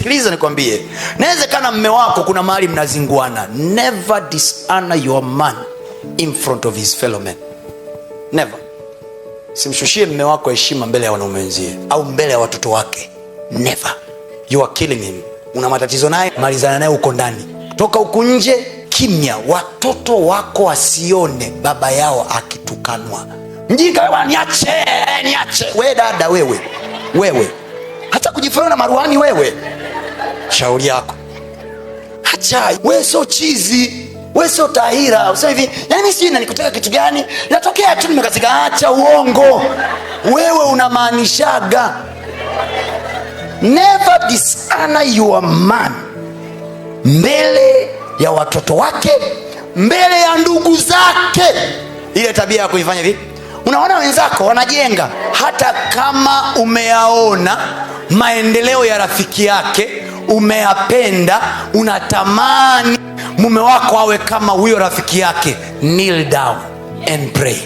nisikilize nikwambie, nawezekana mme wako kuna mahali mnazinguana. Never dishonor your man in front of his fellow men. Never. Simshushie mme wako heshima mbele ya wanaume wenzie au mbele ya watoto wake. Never. You are killing him. Una matatizo naye, malizana naye huko ndani, toka huku nje kimya, watoto wako wasione baba yao akitukanwa. Mjinga, niache niache. We dada, wewe wewe, hata kujifanya na maruhani wewe shauri yako. Hacha wewe, sio chizi, wewe sio tahira. Usema hivi, yaani mimi sijui nanikutaka kitu gani, natokea tu nimekazika. Acha uongo, wewe unamaanishaga. Never dishonor your man mbele ya watoto wake, mbele ya ndugu zake. Ile tabia ya kuifanya hivi Unaona wenzako wanajenga, hata kama umeyaona maendeleo ya rafiki yake, umeyapenda, unatamani mume wako awe kama huyo rafiki yake. Kneel down and pray.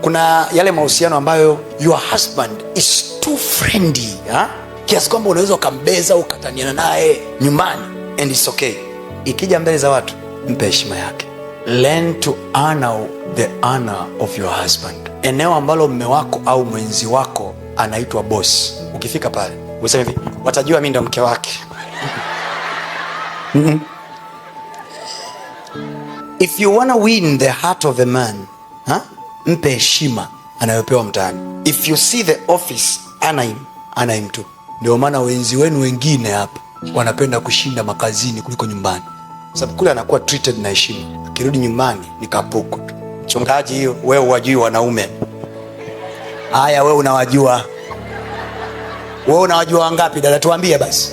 Kuna yale mahusiano ambayo your husband is too friendly kiasi kwamba unaweza ukambeza ukataniana naye nyumbani and it's okay. Ikija mbele za watu, mpe heshima yake. Learn to honor the honor of your husband. Eneo ambalo mme wako au mwenzi wako anaitwa boss, ukifika pale useme hivi watajua mi ndo mke wake if you wanna win the heart of a man ha? mpe heshima anayopewa mtaani. If you see the office anaim anaim tu. Ndio maana wenzi wenu wengine hapa wanapenda kushinda makazini kuliko nyumbani, sababu kule anakuwa treated na heshima, akirudi nyumbani ni kapuku tu. Mchungaji, hiyo wewe wajui wanaume haya, wewe unawajua wewe unawajua wangapi dada? Tuambie basi.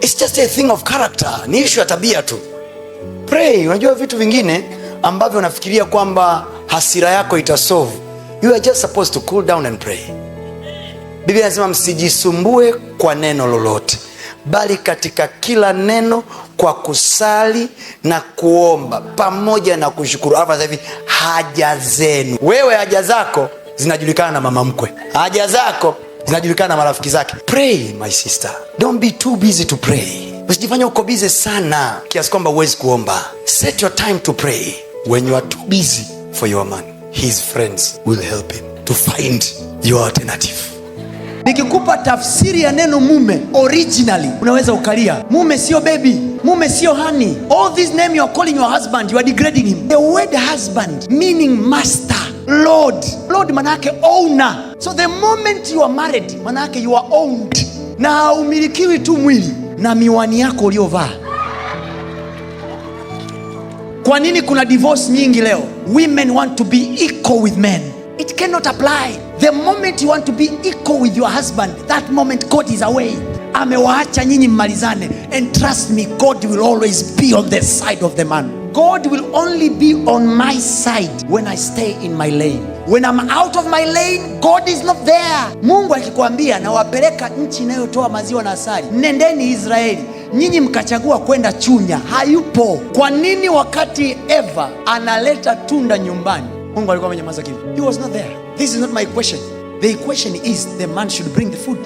It's just a thing of character, ni issue ya tabia tu. Pray. Unajua vitu vingine ambavyo unafikiria kwamba hasira yako itasolve, you are just supposed to cool down and pray. Biblia inasema msijisumbue kwa neno lolote, bali katika kila neno kwa kusali na kuomba pamoja na kushukuru. hapa sasa hivi haja zenu, wewe haja zako zinajulikana na mama mkwe, haja zako zinajulikana na marafiki zake. Pray my sister, don't be too busy to pray. Usijifanya uko busy sana kiasi kwamba huwezi kuomba. Set your time to pray. When you are too busy for your man, his friends will help him to find your alternative. Nikikupa tafsiri ya neno mume originally, unaweza ukalia. Mume sio baby, mume sio honey. All this name you are calling your husband, you are degrading him. The word husband meaning master Lord. Lord manake owner. So the moment you are married, manake you are owned, na umilikiwi tu mwili na miwani yako uliovaa. Kwa nini kuna divorce nyingi leo? Women want to be equal with men. It cannot apply. The moment you want to be equal with your husband, that moment God is away. Amewaacha nyinyi mmalizane, and trust me, God will always be on the side of the man. God will only be on my side when I stay in my lane. When I'm out of my lane, God is not there. Mungu akikwambia nawapeleka nchi inayotoa maziwa na asali, nendeni Israeli, nyinyi mkachagua kwenda Chunya, hayupo. Kwa nini wakati Eva analeta tunda nyumbani Mungu alikuwa amenyamaza kimya? He was not there. This is not my question. The equation is the man should bring the food.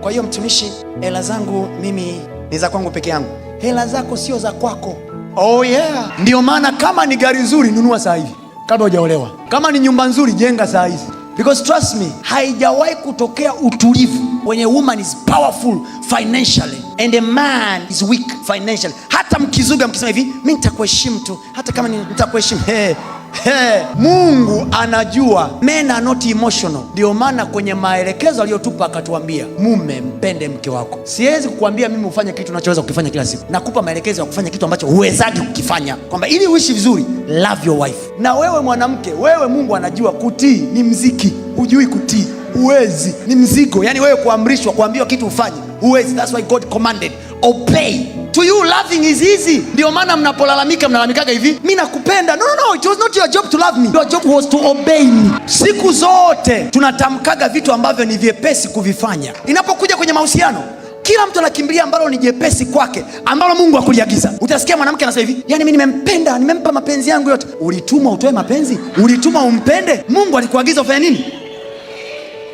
Kwa hiyo mtumishi, hela zangu mimi ni za kwangu peke yangu. Hela zako sio za kwako. Oh yeah. Ndio maana kama ni gari nzuri nunua saa hivi kabla hujaolewa. Kama ni nyumba nzuri jenga saa hizi. Because trust me, haijawahi kutokea utulivu when a woman is powerful financially and a man is weak financially. Hata mkizuga mkisema hivi, mimi nitakuheshimu tu, hata kama nitakuheshimu. Hey. Hey, Mungu anajua men are not emotional. Ndio maana kwenye maelekezo aliyotupa akatuambia mume mpende mke wako. Siwezi kukuambia mimi ufanye kitu unachoweza kukifanya kila siku, nakupa maelekezo ya kufanya kitu ambacho huwezaji kukifanya, kwamba ili uishi vizuri, love your wife. Na wewe mwanamke, wewe Mungu anajua kutii ni mziki, hujui kutii huwezi, ni mzigo. Yani wewe kuamrishwa, kuambiwa kitu ufanye huwezi. That's why God commanded obey To you loving is easy. Ndio maana mnapolalamika mnalamikaga hivi, mi nakupenda. No, no, no, it was not your job to love me. Your job was to obey me. Siku zote tunatamkaga vitu ambavyo ni vyepesi kuvifanya. Inapokuja kwenye mahusiano kila mtu anakimbilia ambalo ni jepesi kwake, ambalo Mungu akuliagiza. Utasikia mwanamke anasema hivi, yani mimi nimempenda, nimempa mapenzi yangu yote. Ulitumwa utoe mapenzi? Ulitumwa umpende? Mungu alikuagiza ufanye nini?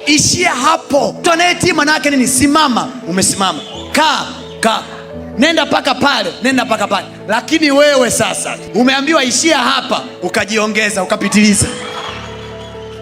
Ishia hapo. Mtu anayetii maana yake nini? Simama, umesimama. Kaa, kaa nenda mpaka pale, nenda mpaka pale. Lakini wewe sasa umeambiwa ishia hapa, ukajiongeza ukapitiliza.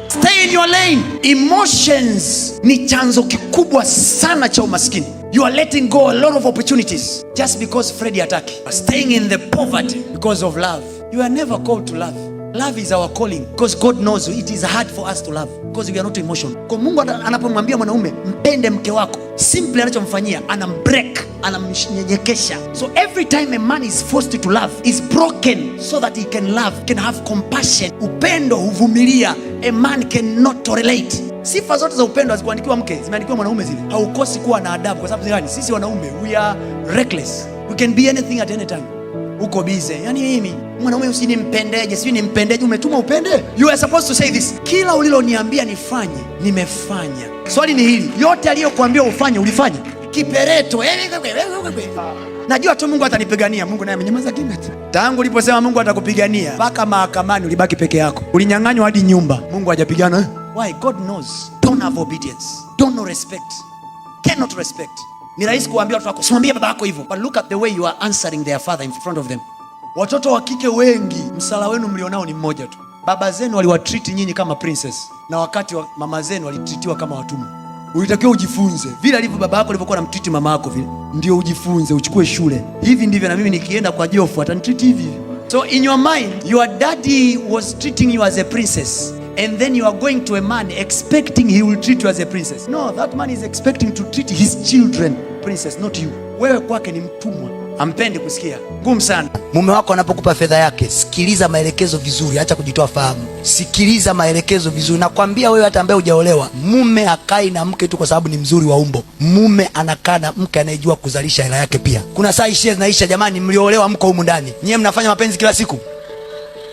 Stay in your lane. Emotions ni chanzo kikubwa sana cha umaskini. You are letting go a lot of opportunities just because Freddy hataki. Staying in the poverty because of love. You are never called to love. Love is our calling because God knows it is hard for us to love because we are not emotional. Kwa Mungu anapomwambia mwanaume mpende mke wako, simply anachomfanyia anambreak, anamnyenyekesha. So every time a man is forced to love is broken so that he can love, can have compassion. Upendo huvumilia, a man cannot tolerate. Sifa zote za upendo hazikuandikiwa mke, zimeandikiwa mwanaume zile. Haukosi kuwa na adabu kwa sababu sisi wanaume we are reckless. We can be anything at any time uko bize. Yani mimi mwanaume usinimpendeje? mpendeje, sijui nimpendeje, umetuma upende? You are supposed to say this. Kila uliloniambia nifanye, nimefanya. Swali ni hili, yote aliyokuambia ufanye ulifanya? Kipereto. Yaani, Najua tu Mungu atanipigania. Mungu naye amenyamaza kimya Tangu uliposema Mungu atakupigania mpaka mahakamani ulibaki peke yako, ulinyang'anywa hadi nyumba. Mungu hajapigana. Why? God knows. Don't have obedience. Don't know respect. Cannot respect. Ni rahisi kuambia watoto wako, simwambie baba yako hivyo, but look at the way you are answering their father in front of them. Watoto wa kike wengi, msala wenu mlionao ni mmoja tu. Baba zenu waliwatreat nyinyi kama princess, na wakati wa mama zenu walitritiwa kama watumwa. Ulitakiwa ujifunze vile alivyo baba yako alivyokuwa anamtriti mama yako, vile ndio ujifunze, uchukue shule. Hivi ndivyo na mimi nikienda kwa Jofu atanitriti hivi. So in your mind your daddy was treating you as a princess and then you are going to a man expecting he will treat you as a princess. No, that man is expecting to treat his children princess, not you. Wewe kwake ni mtumwa, ampendi kusikia. Ngumu sana. Mume wako anapokupa fedha yake, sikiliza maelekezo vizuri, acha kujitoa fahamu. Sikiliza maelekezo vizuri. Nakwambia wewe hata ambaye hujaolewa, mume hakai na mke tu kwa sababu ni mzuri wa umbo. Mume anakaa na mke anayejua kuzalisha hela yake pia. Kuna saa ishia zinaisha, jamani, mlioolewa mko humu ndani. Nyie mnafanya mapenzi kila siku.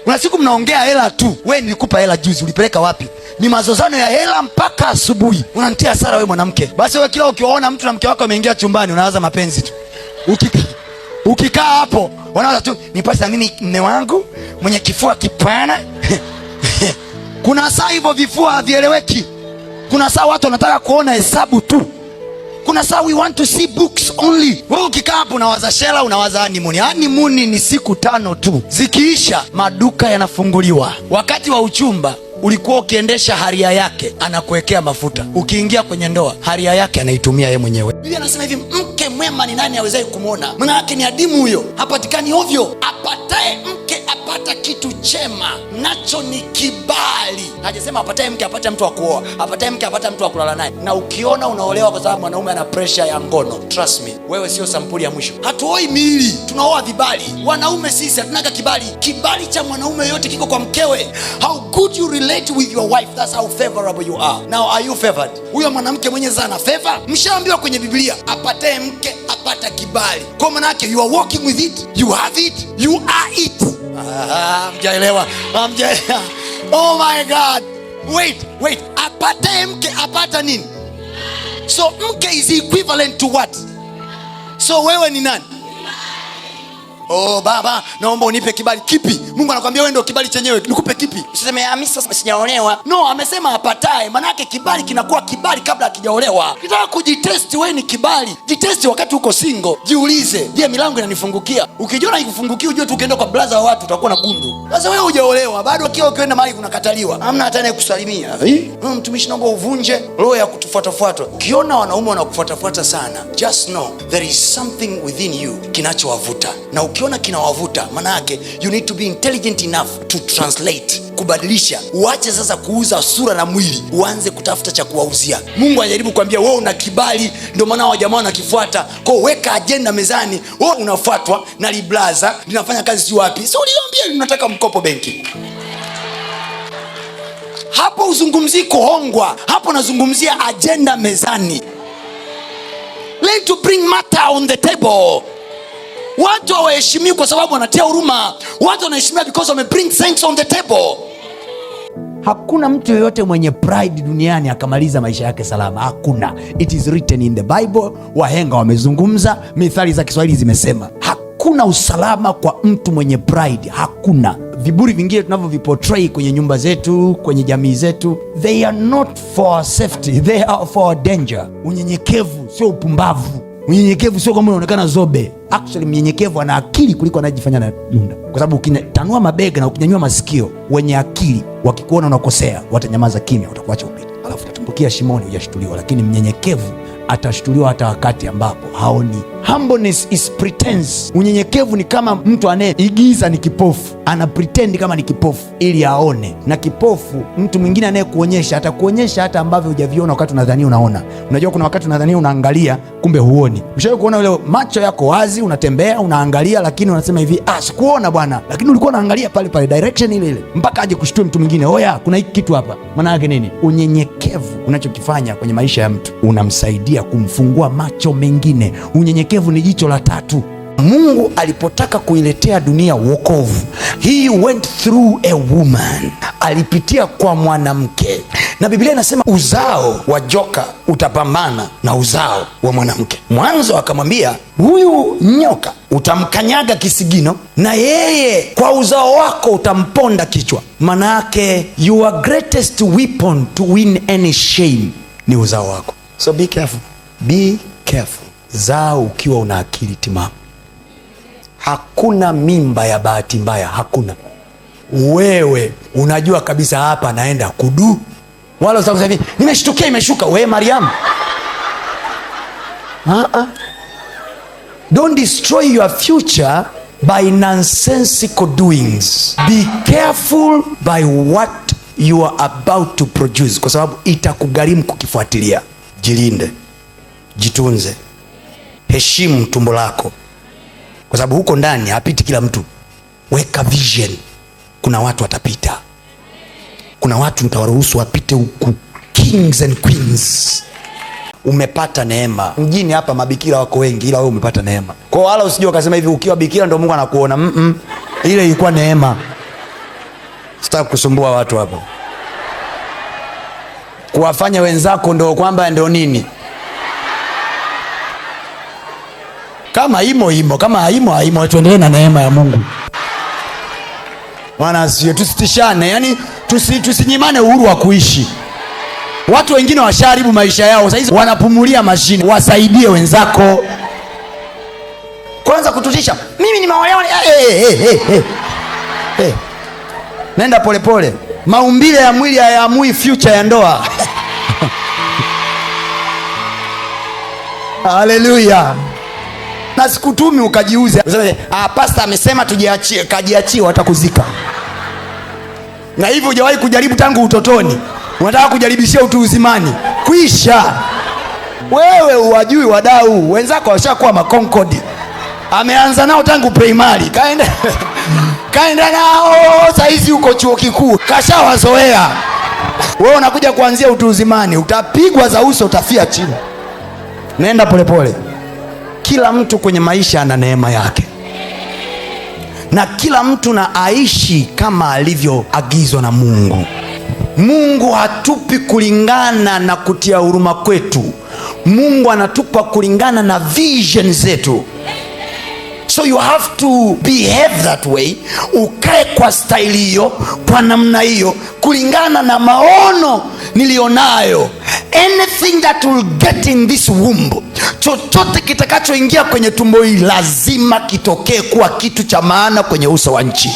Kuna siku mnaongea hela tu. We nilikupa hela juzi, ulipeleka wapi? Ni mazozano ya hela mpaka asubuhi. unantia sara we mwanamke. Basi we kila ukiwaona mtu na mke wako ameingia chumbani unawaza mapenzi tu. Ukikaa ukika hapo wanawaza tu nipate na mimi mme wangu mwenye kifua kipana. Kuna saa hivyo vifua havieleweki. Kuna saa watu wanataka kuona hesabu tu kuna saa we want to see books only. Wewe ukikaa hapo unawaza shela, unawaza animuni animuni ni siku tano tu, zikiisha maduka yanafunguliwa. Wakati wa uchumba ulikuwa ukiendesha haria yake, anakuwekea mafuta. Ukiingia kwenye ndoa, haria yake anaitumia yeye mwenyewe. Biblia anasema hivi, mke mwema ni nani awezai kumwona? mwanawake ni adimu, huyo hapatikani ovyo, apataye kupata kitu chema nacho ni kibali. Hajasema apataye mke apate mtu wa kuoa, apataye mke apate mtu wa kulala naye. Na ukiona unaolewa kwa sababu mwanaume ana presha ya ngono, trust me, wewe sio sampuli ya mwisho. Hatuoi miili, tunaoa vibali. Wanaume sisi hatunaga kibali. Kibali cha mwanaume yote kiko kwa mkewe. How good you relate with your wife, that's how favorable you are. Now are you favored? Huyo mwanamke mwenye zana favor, mshaambiwa kwenye Biblia apataye mke apata kibali. Kwa maana yake you are walking with it, you have it, you are it. Mjaelewa, mjaelewa. Oh my God. Wait, wait. Apata mke apata nini? So mke is equivalent to what? So wewe ni nani? oh, baba naomba unipe kibali kipi mungu anakuambia wewe ndio kibali chenyewe nikupe kipi usiseme ah, mimi sasa sijaolewa no amesema apatae. Maana yake kibali kinakuwa kibali kabla hakijaolewa kitaka kujitest wewe ni kibali Jitest wakati uko single. jiulize je milango inanifungukia ukijiona ikufungukia ujue tu ukienda kwa blaza wa watu utakuwa na gundu sasa wewe hujaolewa bado kio ukienda mahali kunakataliwa hamna hata anayekusalimia mtumishi naomba uvunje roho ya kutufuatafuatwa ukiona wanaume wanakufuatafuata sana just know there is something within you kinachowavuta na uki ukiona kinawavuta maana yake you need to be intelligent enough to translate kubadilisha uache sasa kuuza sura na mwili uanze kutafuta cha kuwauzia mungu anajaribu kuambia wewe una kibali ndio maana wa jamaa wanakifuata Kwa hiyo weka ajenda mezani wewe unafuatwa na liblaza linafanya kazi si wapi so uliambia unataka mkopo benki hapo uzungumzii kuhongwa hapo nazungumzia ajenda mezani Learn to bring matter on the table watu hawaheshimiwi kwa sababu wanatia huruma, watu wanaheshimiwa because wame bring things on the table. Hakuna mtu yoyote mwenye pride duniani akamaliza maisha yake salama, hakuna. It is written in the Bible. Wahenga wamezungumza, mithali za Kiswahili zimesema, hakuna usalama kwa mtu mwenye pride, hakuna. Viburi vingine tunavyoviportray kwenye nyumba zetu, kwenye jamii zetu, they are not for our safety, they are for our danger. Unyenyekevu sio upumbavu. Unyenyekevu sio kwamba unaonekana zobe actually mnyenyekevu ana akili kuliko anayejifanya na dunda, kwa sababu ukitanua mabega na ukinyanyua masikio, wenye akili wakikuona unakosea watanyamaza kimya, utakuacha upite, alafu utatumbukia shimoni hujashtuliwa. Lakini mnyenyekevu atashtuliwa hata wakati ambapo haoni. Humbleness is pretense. Unyenyekevu ni kama mtu anayeigiza ni kipofu ana pretend kama ni kipofu ili aone. Na kipofu, mtu mwingine anayekuonyesha atakuonyesha hata ambavyo hujaviona wakati unadhania unaona. Unajua kuna wakati unadhania unaangalia, kumbe huoni. Mshawahi kuona ule macho yako wazi, unatembea unaangalia, lakini unasema hivi, ah, sikuona bwana, lakini ulikuwa unaangalia pale pale direction ile ile, mpaka aje kushtue mtu mwingine, oya, oh kuna hiki kitu hapa. Maana yake nini? Unyenyekevu unachokifanya kwenye maisha ya mtu unamsaidia kumfungua macho mengine. Unyenyekevu ni jicho la tatu. Mungu alipotaka kuiletea dunia wokovu, he went through a woman, alipitia kwa mwanamke, na Biblia inasema uzao wa joka utapambana na uzao wa mwanamke. Mwanzo akamwambia huyu nyoka utamkanyaga kisigino, na yeye kwa uzao wako utamponda kichwa. yake your greatest weapon to win any shame ni uzao wako, so be careful, be careful. Zao ukiwa una akili timamu. Hakuna mimba ya bahati mbaya, hakuna. Wewe unajua kabisa hapa naenda kudu, wala usiseme hivi nimeshtukia imeshuka. We Mariam, ah, ah. don't destroy your future by nonsensical doings. Be careful by what you are about to produce, kwa sababu itakugharimu kukifuatilia. Jilinde, jitunze, heshimu tumbo lako kwa sababu huko ndani hapiti kila mtu. Weka vision, kuna watu watapita, kuna watu nitawaruhusu wapite huku, kings and queens. Umepata neema mjini hapa, mabikira wako wengi, ila wewe umepata neema. Kwa wala usije ukasema hivi ukiwa bikira ndio Mungu anakuona. mm -mm. Ile ilikuwa neema. Sitaki kusumbua watu hapo, kuwafanya wenzako ndio kwamba ndio nini Kama imo imo, kama haimo haimo, tuendelee na neema ya Mungu. Bwana sio, tusitishane, yani tusi, tusinyimane uhuru wa kuishi. Watu wengine washaharibu maisha yao, saizi wanapumulia mashine. Wasaidie wenzako kwanza kututisha, mimi nimeolewa. hey, eh, eh, hey, eh, hey, hey. hey. Nenda polepole pole. Maumbile ya mwili hayaamui future ya ndoa. Haleluya na sikutumi ukajiuze. Ah, pasta amesema tujiachie, kajiachie watakuzika. Na hivyo hujawahi kujaribu tangu utotoni, unataka kujaribishia utu uzimani, kwisha. Wewe uwajui wadau wenzako, washakuwa makonkodi, ameanza nao tangu primary, kaenda kaenda nao saizi huko chuo kikuu, kashawazoea. Wewe unakuja kuanzia utu uzimani, utapigwa za uso, utafia chini. Nenda polepole pole kila mtu kwenye maisha ana neema yake, na kila mtu na aishi kama alivyoagizwa na Mungu. Mungu hatupi kulingana na kutia huruma kwetu. Mungu anatupa kulingana na vision zetu so you have to behave that way, ukae kwa staili hiyo, kwa namna hiyo, kulingana na maono nilionayo. Anything that will get in this womb, chochote kitakachoingia kwenye tumbo hili lazima kitokee kuwa kitu cha maana kwenye uso wa nchi.